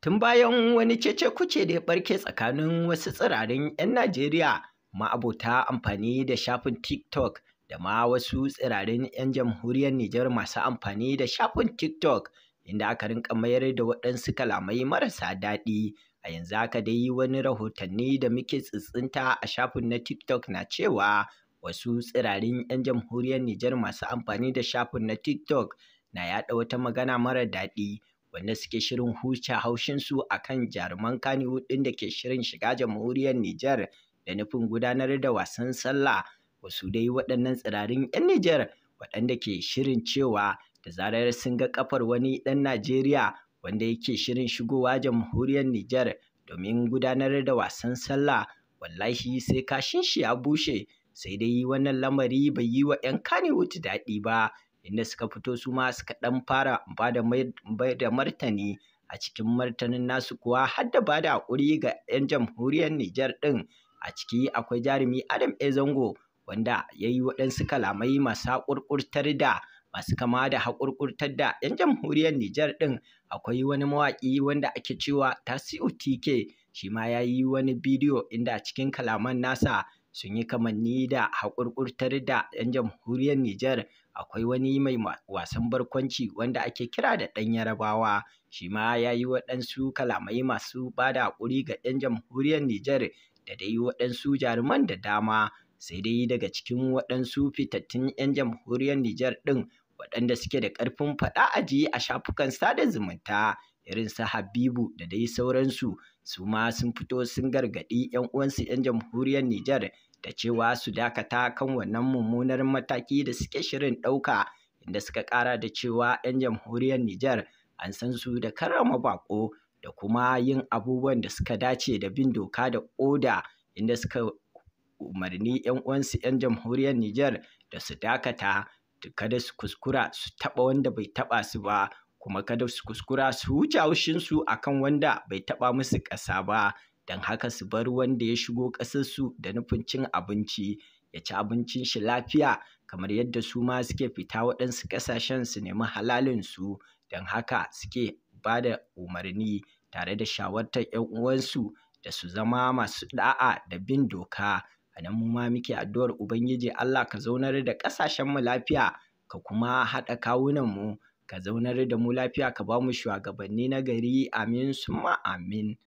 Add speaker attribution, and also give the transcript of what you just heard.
Speaker 1: tun bayan wani cece-kuce da ya barke tsakanin wasu tsirarin 'yan Najeriya ma'abota amfani da shafin TikTok da ma wasu tsirarin 'yan jamhuriyar Nijar masu amfani da shafin TikTok inda aka rinka mayar da waɗansu kalamai marasa daɗi a yanzu haka dai wani rahotanni da muke tsitsinta a shafin na TikTok na cewa wasu tsirarin 'yan jamhuriyar Nijar masu amfani da shafin na TikTok na yaɗa wata magana mara daɗi wanda suke shirin huce haushinsu a kan jaruman kaniwood ɗin da ke shirin shiga jamhuriyar Nijar da nufin gudanar da wasan sallah wasu dai waɗannan tsirarin 'yan Nijar waɗanda ke shirin cewa da zarar sun ga kafar wani ɗan Najeriya wanda yake shirin shigowa jamhuriyar Nijar domin gudanar da wasan sallah wallahi sai kashin shi ya bushe sai dai wannan lamari bai yi wa 'yan Kannywood daɗi ba inda suka fito su ma suka ɗan fara ba da martani a cikin martanin nasu kuwa har da ba da haƙuri ga 'yan jamhuriyar Nijar ɗin a ciki akwai jarumi Adam ezango wanda ya yi waɗansu kalamai masu haƙurƙurtar da masu kama da haƙurƙurtar da 'yan jamhuriyar Nijar ɗin akwai wani mawaƙi wanda ake cewa Tasiu TK shi ma ya yi wani bidiyo inda cikin kalaman nasa sun yi kamanni da haƙurƙurtar da 'yan jamhuriyar Nijar akwai wani mai wasan barkwanci wanda ake kira da ɗan yarabawa shi ma ya yi waɗansu kalamai masu ba da haƙuri ga 'yan jamhuriyar Nijar da dai waɗansu jaruman da dama sai dai daga cikin waɗansu fitattun 'yan jamhuriyar Nijar ɗin waɗanda suke da ƙarfin faɗa a ji a shafukan sada zumunta irin su Habibu da dai sauransu su ma sun fito sun gargaɗi 'yan uwansu 'yan jamhuriyar Nijar da cewa su dakata kan wannan mummunar mataki da suke shirin ɗauka inda suka ƙara da cewa 'yan jamhuriyar Nijar an san su da karama baƙo da kuma yin abubuwan da suka dace da bin doka da oda inda suka umarni 'yan uwansu 'yan jamhuriyar Nijar da su dakata kada su kuskura su taɓa wanda bai taɓa su ba kuma kada su kuskura su huce haushinsu kan wanda bai taɓa musu ƙasa ba don haka su bar wanda ya shigo ƙasarsu da nufin cin abinci ya ci abincin shi lafiya kamar yadda su ma suke fita waɗansu ƙasashen su nemi halalin su don haka suke ba da umarni tare da shawartar 'yan uwansu da su zama masu da'a da bin doka a nan mu ma muke addu'ar ubangiji Allah ka zaunar da ƙasashenmu lafiya ka kuma haɗa kawunanmu ka zaunar da mu lafiya ka ba mu shugabanni na gari amin summa amin